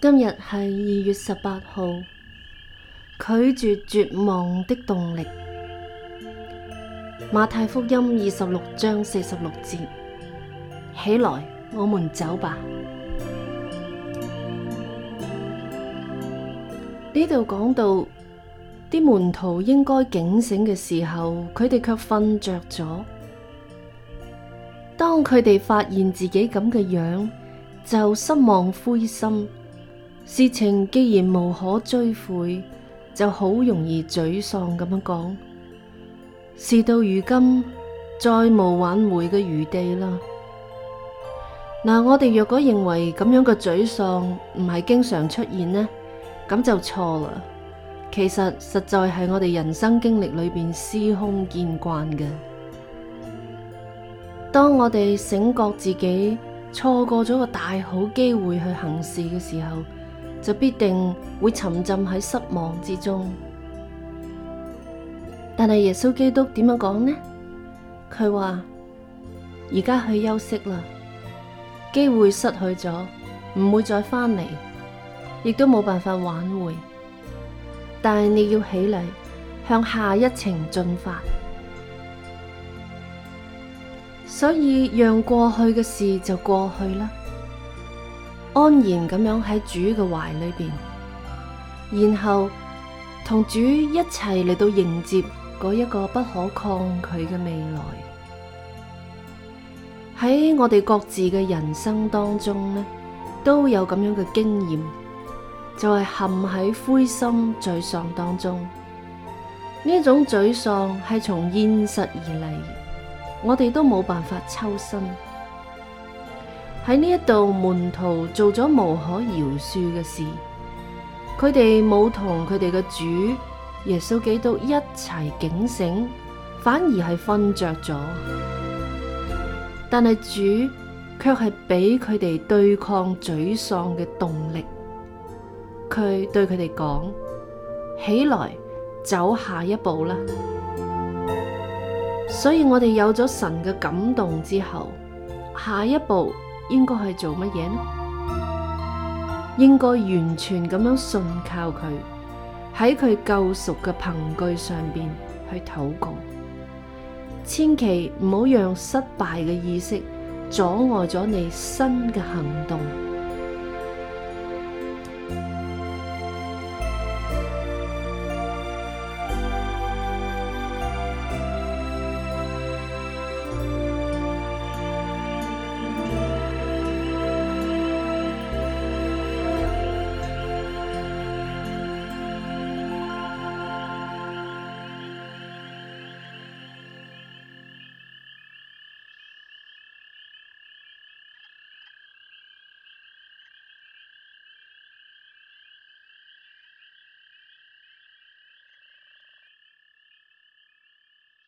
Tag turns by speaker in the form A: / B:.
A: 今日係二月十八號，拒絕絕望的動力。馬太福音二十六章四十六節：起來，我們走吧。呢度講到啲門徒應該警醒嘅時候，佢哋卻瞓着咗。當佢哋發現自己咁嘅樣，就失望灰心。事情既然無可追悔，就好容易沮喪咁樣講，事到如今，再無挽回嘅餘地啦。嗱、嗯，我哋若果認為咁樣嘅沮喪唔係經常出現呢，咁就錯啦。其實實在係我哋人生經歷裏邊司空見慣嘅。當我哋醒覺自己錯過咗個大好機會去行事嘅時候，就必定會沉浸喺失望之中，但係耶穌基督點樣講呢？佢話而家去休息啦，機會失去咗，唔會再翻嚟，亦都冇辦法挽回。但係你要起嚟，向下一程進發。所以讓過去嘅事就過去啦。安然咁樣喺主嘅懷裏邊，然後同主一齊嚟到迎接嗰一個不可抗拒嘅未來。喺我哋各自嘅人生當中呢，都有咁樣嘅經驗，就係陷喺灰心沮喪當中。呢種沮喪係從現實而嚟，我哋都冇辦法抽身。喺呢一度，門徒做咗無可饒恕嘅事，佢哋冇同佢哋嘅主耶穌基督一齊警醒，反而係瞓着咗。但係主卻係俾佢哋對抗沮喪嘅動力。佢對佢哋講：起來，走下一步啦。所以我哋有咗神嘅感動之後，下一步。應該去做乜嘢呢？應該完全咁樣信靠佢，喺佢救贖嘅憑據上邊去禱告，千祈唔好讓失敗嘅意識阻礙咗你新嘅行動。